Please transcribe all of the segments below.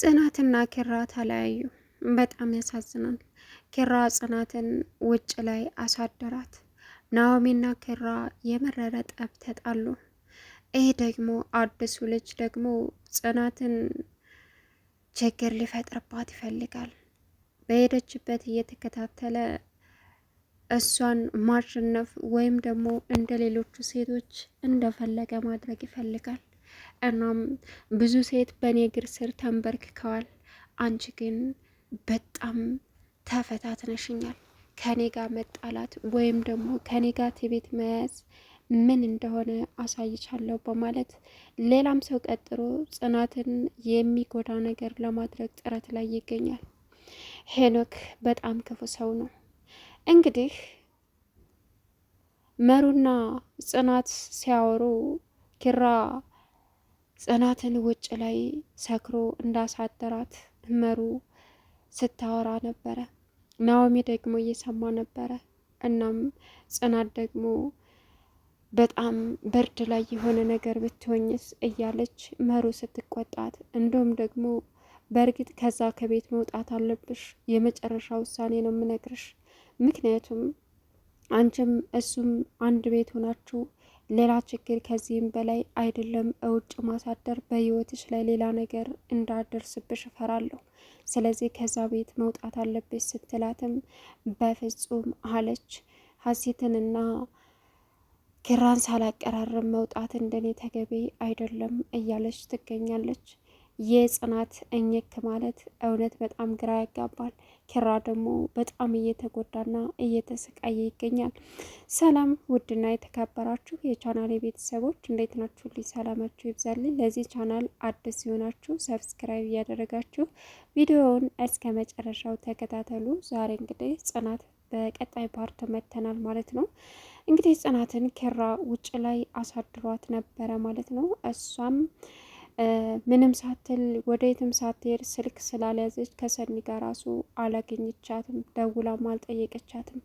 ጽናትና ኪራ ተለያዩ። በጣም ያሳዝናል። ኪራ ጽናትን ውጭ ላይ አሳደራት። ናኦሚና ኪራ የመረረ ጠብ ተጣሉ። ይህ ደግሞ አዲሱ ልጅ ደግሞ ጽናትን ችግር ሊፈጥርባት ይፈልጋል። በሄደችበት እየተከታተለ እሷን ማሸነፍ ወይም ደግሞ እንደ ሌሎቹ ሴቶች እንደፈለገ ማድረግ ይፈልጋል። እናም ብዙ ሴት በእኔ እግር ስር ተንበርክከዋል። አንቺ ግን በጣም ተፈታትነሽኛል። ከኔ ጋር መጣላት ወይም ደግሞ ከኔ ጋር ትቤት መያዝ ምን እንደሆነ አሳይቻለሁ በማለት ሌላም ሰው ቀጥሮ ጽናትን የሚጎዳ ነገር ለማድረግ ጥረት ላይ ይገኛል። ሄኖክ በጣም ክፉ ሰው ነው። እንግዲህ መሩና ጽናት ሲያወሩ ኪራ ጽናትን ውጭ ላይ ሰክሮ እንዳሳደራት መሩ ስታወራ ነበረ። ናኦሚ ደግሞ እየሰማ ነበረ። እናም ጽናት ደግሞ በጣም በርድ ላይ የሆነ ነገር ብትሆኝስ እያለች መሩ ስትቆጣት፣ እንዲሁም ደግሞ በእርግጥ ከዛ ከቤት መውጣት አለብሽ፣ የመጨረሻ ውሳኔ ነው የምነግርሽ። ምክንያቱም አንቺም እሱም አንድ ቤት ሆናችሁ ሌላ ችግር ከዚህም በላይ አይደለም እውጭ ማሳደር በህይወትሽ ላይ ሌላ ነገር እንዳደርስብሽ እፈራለሁ። ስለዚህ ከዛ ቤት መውጣት አለብሽ ስትላትም በፍጹም አለች። ሀሴትንና ኪራን ሳላቀራርብ መውጣት እንደኔ ተገቢ አይደለም እያለች ትገኛለች። የጽናት እኝክ ማለት እውነት በጣም ግራ ያጋባል። ኪራ ደግሞ በጣም እየተጎዳና እየተሰቃየ ይገኛል። ሰላም ውድና የተከበራችሁ የቻናል የቤተሰቦች እንዴት ናችሁ? ልይ ሰላማችሁ ይብዛልኝ። ለዚህ ቻናል አዲስ ሲሆናችሁ ሰብስክራይብ እያደረጋችሁ ቪዲዮውን እስከ መጨረሻው ተከታተሉ። ዛሬ እንግዲህ ጽናት በቀጣይ ፓርት መተናል ማለት ነው። እንግዲህ ጽናትን ኪራ ውጭ ላይ አሳድሯት ነበረ ማለት ነው እሷም ምንም ሳትል ወደየትም ሳትሄድ ስልክ ስላልያዘች ከሰኒ ጋር ራሱ አላገኘቻትም፣ ደውላም አልጠየቀቻትም።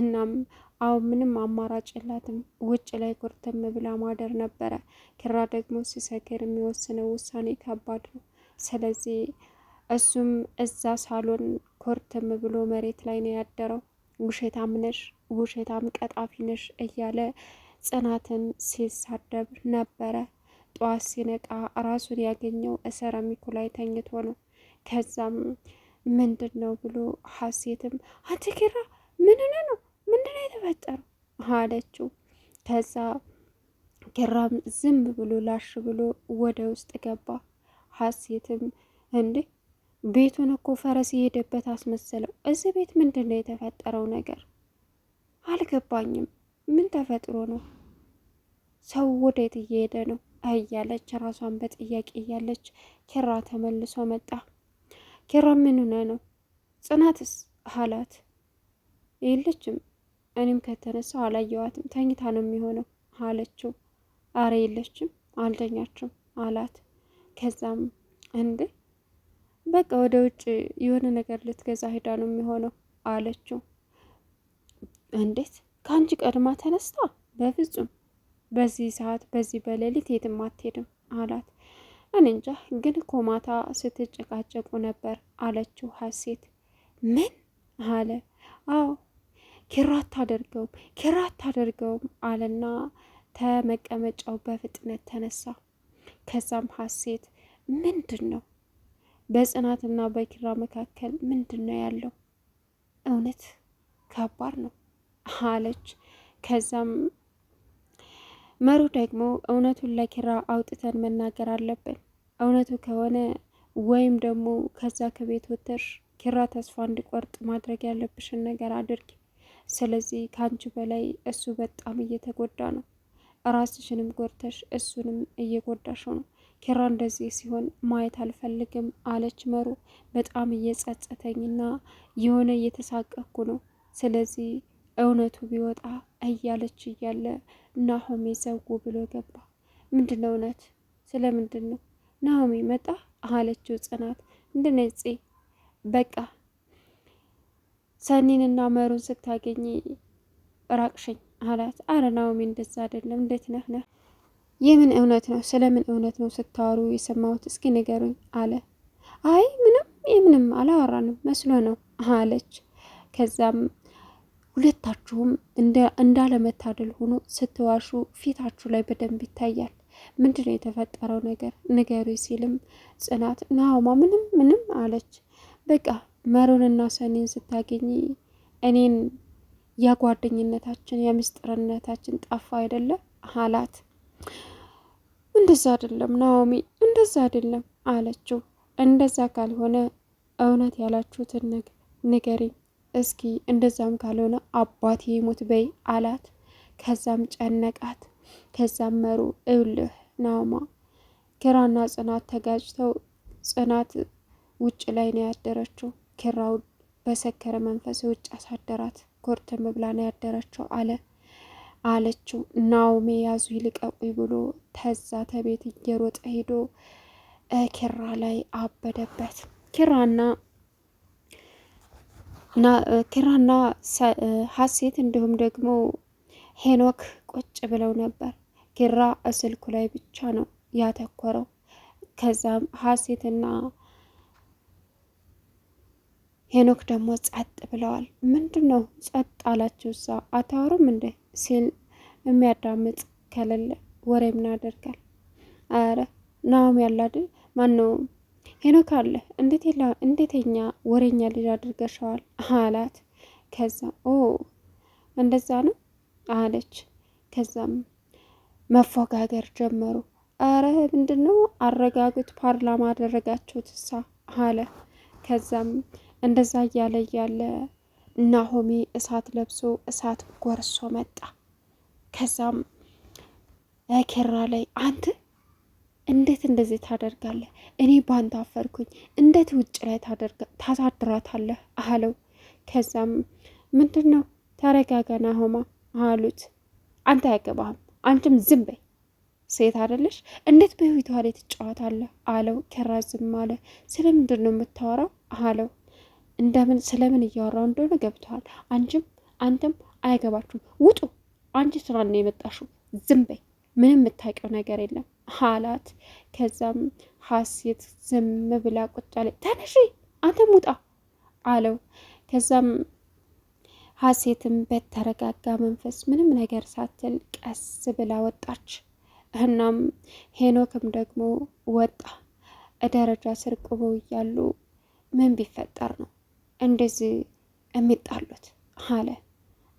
እናም አሁን ምንም አማራጭ የላትም፣ ውጭ ላይ ኩርትም ብላ ማደር ነበረ። ኪራ ደግሞ ሲሰክር የሚወስነው ውሳኔ ከባድ ነው። ስለዚህ እሱም እዛ ሳሎን ኩርትም ብሎ መሬት ላይ ነው ያደረው። ውሸታም ነሽ፣ ውሸታም ቀጣፊ ነሽ እያለ ጽናትን ሲሳደብ ነበረ። ጠዋት ሲነቃ ራሱን ያገኘው እሰረ ላይ ተኝቶ ነው። ከዛም ምንድን ነው ብሎ ሀሴትም አንተ ኪራ ምንነ ነው ምንድነው የተፈጠረው አለችው። ከዛ ኪራም ዝም ብሎ ላሽ ብሎ ወደ ውስጥ ገባ። ሀሴትም እንዴ ቤቱን እኮ ፈረስ የሄደበት አስመሰለው። እዚህ ቤት ምንድን ነው የተፈጠረው ነገር አልገባኝም። ምን ተፈጥሮ ነው? ሰው ወዴት እየሄደ ነው? እያለች ራሷን በጥያቄ እያለች ኪራ ተመልሶ መጣ። ኪራ ምን ሆነ ነው ጽናትስ አላት። የለችም እኔም ከተነሳው አላየዋትም ተኝታ ነው የሚሆነው አለችው። አረ የለችም አልተኛችም አላት። ከዛም እንዴ በቃ ወደ ውጭ የሆነ ነገር ልትገዛ ሄዳ ነው የሚሆነው አለችው። እንዴት ከአንቺ ቀድማ ተነስታ? በፍጹም በዚህ ሰዓት በዚህ በሌሊት የትም አትሄድም አላት። እንጃ ግን ኮማታ ስትጨቃጨቁ ነበር አለችው ሀሴት። ምን አለ? አዎ ኪራ አታደርገውም ኪራ አታደርገውም አለና ተመቀመጫው በፍጥነት ተነሳ። ከዛም ሀሴት ምንድን ነው በጽናትና በኪራ መካከል ምንድን ነው ያለው? እውነት ከባድ ነው አለች። ከዛም መሩ ደግሞ እውነቱን ለኪራ አውጥተን መናገር አለብን። እውነቱ ከሆነ ወይም ደግሞ ከዛ ከቤት ወጥተሽ ኪራ ተስፋ እንዲቆርጥ ማድረግ ያለብሽን ነገር አድርጊ። ስለዚህ ከአንቺ በላይ እሱ በጣም እየተጎዳ ነው። ራስሽንም ጎድተሽ እሱንም እየጎዳሽ ነው። ኪራ እንደዚህ ሲሆን ማየት አልፈልግም አለች መሩ። በጣም እየጸጸተኝና የሆነ እየተሳቀኩ ነው። ስለዚህ እውነቱ ቢወጣ እያለች እያለ ናሆሜ ዘጉ ብሎ ገባ። ምንድን ነው እውነት? ስለ ምንድን ነው ናሆሜ መጣ አለችው ጽናት። እንድነጽ በቃ ሰኒንና መሩን ስታገኝ ራቅሽኝ አላት። አረ ናሆሜ እንደዛ አይደለም። እንዴት ነህ ነህ የምን እውነት ነው? ስለምን እውነት ነው ስታወሩ የሰማሁት? እስኪ ንገሩኝ አለ። አይ ምንም የምንም አላወራንም መስሎ ነው አለች። ከዛም ሁለታችሁም እንዳለመታደል ሆኖ ስትዋሹ ፊታችሁ ላይ በደንብ ይታያል። ምንድን ነው የተፈጠረው ነገር ንገሪ ሲልም ጽናት ናሆማ ምንም ምንም አለች። በቃ መሮንና ሰኔን ስታገኝ እኔን የጓደኝነታችን የምስጥርነታችን ጠፋ አይደለ አላት። እንደዛ አይደለም ናኦሚ፣ እንደዛ አይደለም አለችው። እንደዛ ካልሆነ እውነት ያላችሁትን ነገር ንገሪኝ እስኪ እንደዛም ካልሆነ አባቴ ይሙት በይ አላት። ከዛም ጨነቃት። ከዛም መሩ እብልህ ናማ ኪራና ጽናት ተጋጭተው ጽናት ውጭ ላይ ነው ያደረችው። ኪራው በሰከረ መንፈስ ውጭ አሳደራት። ኮርትም ብላ ነው ያደረችው አለ አለችው። ናውሜ ያዙ ይልቀቁኝ ብሎ ተዛ ተቤት እየሮጠ ሄዶ ኪራ ላይ አበደበት። ኪራና ኪራና ሀሴት እንዲሁም ደግሞ ሄኖክ ቁጭ ብለው ነበር። ኪራ ስልኩ ላይ ብቻ ነው ያተኮረው። ከዛም ሀሴትና ሄኖክ ደግሞ ጸጥ ብለዋል። ምንድን ነው ጸጥ አላቸው? እሷ አታወሩም እንዴ ሲል የሚያዳምጥ ከሌለ ወሬ ምን አደርጋል? አረ ናም ያላድል ማነው ሄኖክ አለ እንዴተኛ ወሬኛ ልጅ አድርገሸዋል አላት። ከዛ ኦ እንደዛ ነው አለች። ከዛም መፎጋገር ጀመሩ። አረ ምንድን ነው አረጋጉት፣ ፓርላማ አደረጋቸው ትሳ አለ። ከዛም እንደዛ እያለ እያለ ናሆሚ እሳት ለብሶ እሳት ጎርሶ መጣ። ከዛም ኪራ ላይ አንተ እንዴት እንደዚህ ታደርጋለህ? እኔ ባንተ አፈርኩኝ። እንዴት ውጭ ላይ ታሳድራታለህ? አለው። ከዛም ምንድን ነው ተረጋጋና ሆማ አሉት። አንተ አያገባህም፣ አንቺም ዝም በይ ሴት አደለሽ? እንዴት በህይወቷ ላይ ትጫወታለህ? አለው። ከራ ዝም አለ። ስለምንድን ነው የምታወራው? አለው። እንደምን ስለምን እያወራው እንደሆነ ገብተዋል። አንቺም አንተም አይገባችሁም፣ ውጡ። አንቺ ስራ ነው የመጣሽው፣ ዝም በይ ምንም የምታውቂው ነገር የለም አላት። ከዛም ሀሴት ዝም ብላ ቁጭ አለች። ተነሺ አንተም ውጣ አለው። ከዛም ሀሴትም በተረጋጋ መንፈስ ምንም ነገር ሳትል ቀስ ብላ ወጣች። እናም ሄኖክም ደግሞ ወጣ። ደረጃ ስር ቁመው እያሉ ምን ቢፈጠር ነው እንደዚህ የሚጣሉት አለ።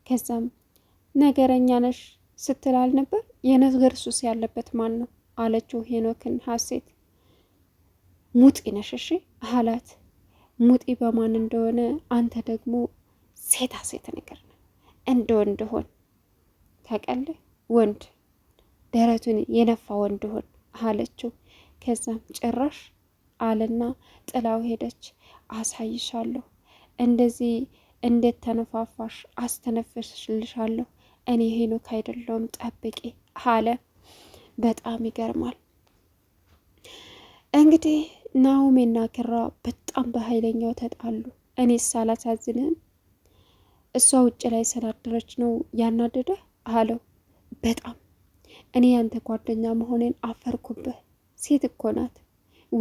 ከዛም ነገረኛ ነሽ ስትላል ነበር የነገር ሱስ ያለበት ማን ነው አለችው ሄኖክን ሀሴት። ሙጢ ነሽ አላት። ሙጢ በማን እንደሆነ አንተ ደግሞ ሴታ ሴት ነገር ነው እንደ ወንድ ሆን ታውቃለህ፣ ወንድ ደረቱን የነፋ ወንድ ሆን አለችው። ከዛም ጭራሽ አለና ጥላው ሄደች። አሳይሻለሁ እንደዚህ እንዴት ተነፋፋሽ፣ አስተነፍስልሻለሁ። እኔ ሄኖክ አይደለሁም ጠብቄ አለ። በጣም ይገርማል። እንግዲህ ናኦሚና ኪራ በጣም በኃይለኛው ተጣሉ። እኔ ሳላሳዝንህም እሷ ውጭ ላይ ስላደረች ነው ያናደደ አለው። በጣም እኔ ያንተ ጓደኛ መሆኔን አፈርኩብህ። ሴት እኮ ናት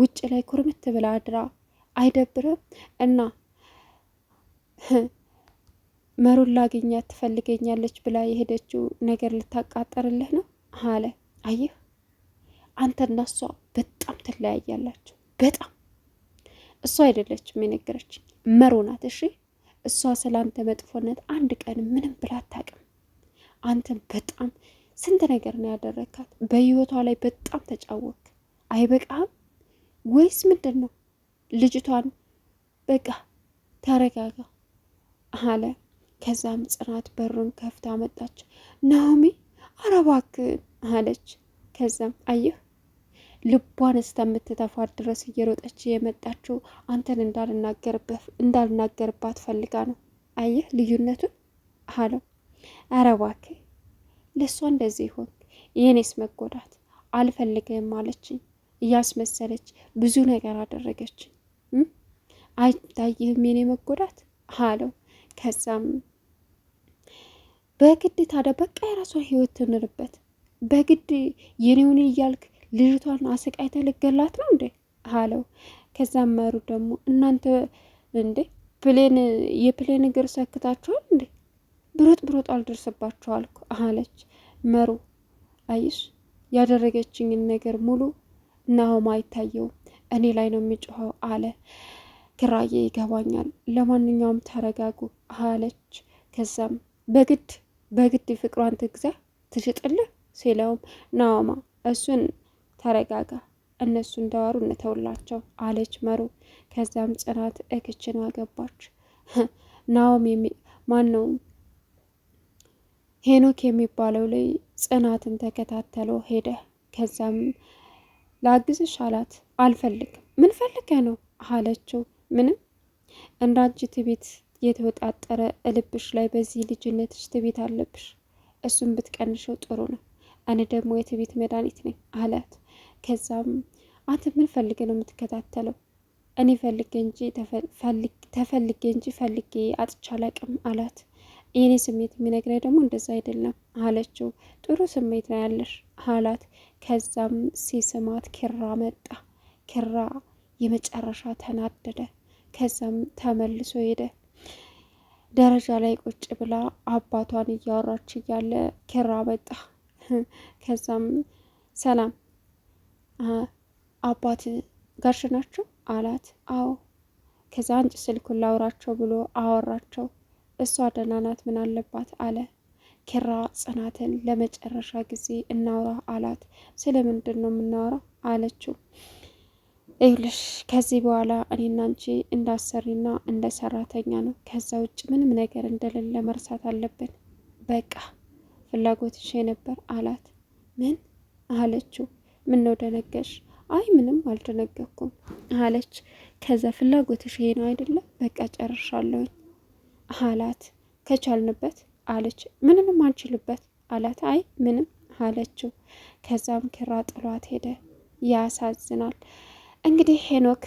ውጭ ላይ ኩርምት ብላ አድራ አይደብርም? እና መሩን ላገኛት ትፈልገኛለች ብላ የሄደችው ነገር ልታቃጠርልህ ነው አለ። አየህ አንተ እና እሷ በጣም ትለያያላችሁ። በጣም እሷ አይደለችም የነገረችኝ መሩ ናት። እሺ እሷ ስለ አንተ መጥፎነት አንድ ቀን ምንም ብላ አታውቅም። አንተን በጣም ስንት ነገር ነው ያደረካት። በህይወቷ ላይ በጣም ተጫወክ። አይበቃም ወይስ ምንድን ነው? ልጅቷን በቃ ተረጋጋ አለ። ከዛም ጽናት በሩን ከፍታ መጣች። ናሆሚ አረባክን አለች። ከዛም አየህ ልቧን እስከምትተፋት ድረስ እየሮጠች የመጣችው አንተን እንዳልናገርባት ፈልጋ ነው። አየህ ልዩነቱን አለው። አረባክ ለእሷ እንደዚህ ይሆን የኔስ መጎዳት አልፈልግም አለችኝ። እያስመሰለች ብዙ ነገር አደረገችኝ። አይታይህም የኔ መጎዳት አለው። ከዛም በግድ ታዲያ በቃ የራሷን ህይወት ትንርበት በግድ የኔውን እያልክ ልጅቷን አሰቃይተህ ልገላት ነው እንዴ አለው። ከዛም መሩ ደግሞ እናንተ እንዴ ፕሌን የፕሌን እግር ሰክታችኋል እንዴ ብሮጥ ብሮጥ አልደርስባችኋል እኮ አለች መሩ። አይሽ ያደረገችኝን ነገር ሙሉ ናሆም አይታየውም እኔ ላይ ነው የሚጮኸው አለ። ኪራዬ ይገባኛል፣ ለማንኛውም ተረጋጉ አለች። ከዛም በግድ በግድ ፍቅሯን ትግዛ ትሽጥልህ ሲለውም ናማ እሱን ተረጋጋ፣ እነሱ እንዳወሩ እንተውላቸው አለች መሩ። ከዛም ጽናት እክችን አገባች። ናኦም ማን ነው ሄኖክ የሚባለው ላይ ጽናትን ተከታተሎ ሄደ። ከዛም ላግዝሽ አላት። አልፈልግም ምን ፈልገ ነው አለችው። ምንም እንዳንቺ ትዕቢት የተወጣጠረ እልብሽ ላይ በዚህ ልጅነትሽ ትቤት አለብሽ። እሱም ብትቀንሸው ጥሩ ነው። እኔ ደግሞ የትቤት መድኃኒት ነኝ አላት። ከዛም አንተ ምን ፈልገ ነው የምትከታተለው? እኔ ፈልጌ እንጂ ተፈልጌ እንጂ ፈልጌ አጥቻ አላቅም አላት። የኔ ስሜት የሚነግረኝ ደግሞ እንደዛ አይደለም አለችው። ጥሩ ስሜት ነው ያለሽ አላት። ከዛም ሲስማት ኪራ መጣ። ኪራ የመጨረሻ ተናደደ። ከዛም ተመልሶ ሄደ። ደረጃ ላይ ቁጭ ብላ አባቷን እያወራች እያለ ኪራ መጣ። ከዛም ሰላም አባት ጋሽ ናቸው አላት። አዎ። ከዛ አንጭ ስልኩን ላውራቸው ብሎ አወራቸው። እሷ ደህና ናት፣ ምን አለባት አለ ኪራ። ጽናትን ለመጨረሻ ጊዜ እናውራ አላት። ስለምንድን ነው የምናወራ አለችው። ይኸውልሽ ከዚህ በኋላ እኔና አንቺ እንዳሰሪና እንደ ሰራተኛ ነው። ከዛ ውጭ ምንም ነገር እንደሌለ መርሳት አለብን። በቃ ፍላጎትሽ ነበር አላት። ምን አለችው? ምን ነው ደነገሽ? አይ ምንም አልደነገኩም አለች። ከዛ ፍላጎትሽ ይሄ ነው አይደለም? በቃ ጨርሻለሁኝ አላት። ከቻልንበት አለች። ምንም አንችልበት አላት። አይ ምንም አለችው። ከዛም ኪራ ጥሏት ሄደ። ያሳዝናል። እንግዲህ ሄኖክ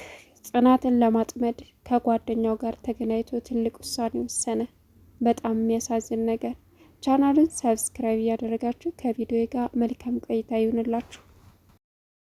ጽናትን ለማጥመድ ከጓደኛው ጋር ተገናኝቶ ትልቅ ውሳኔ ወሰነ። በጣም የሚያሳዝን ነገር። ቻናሉን ሰብስክራይብ እያደረጋችሁ ከቪዲዮ ጋር መልካም ቆይታ ይሁንላችሁ።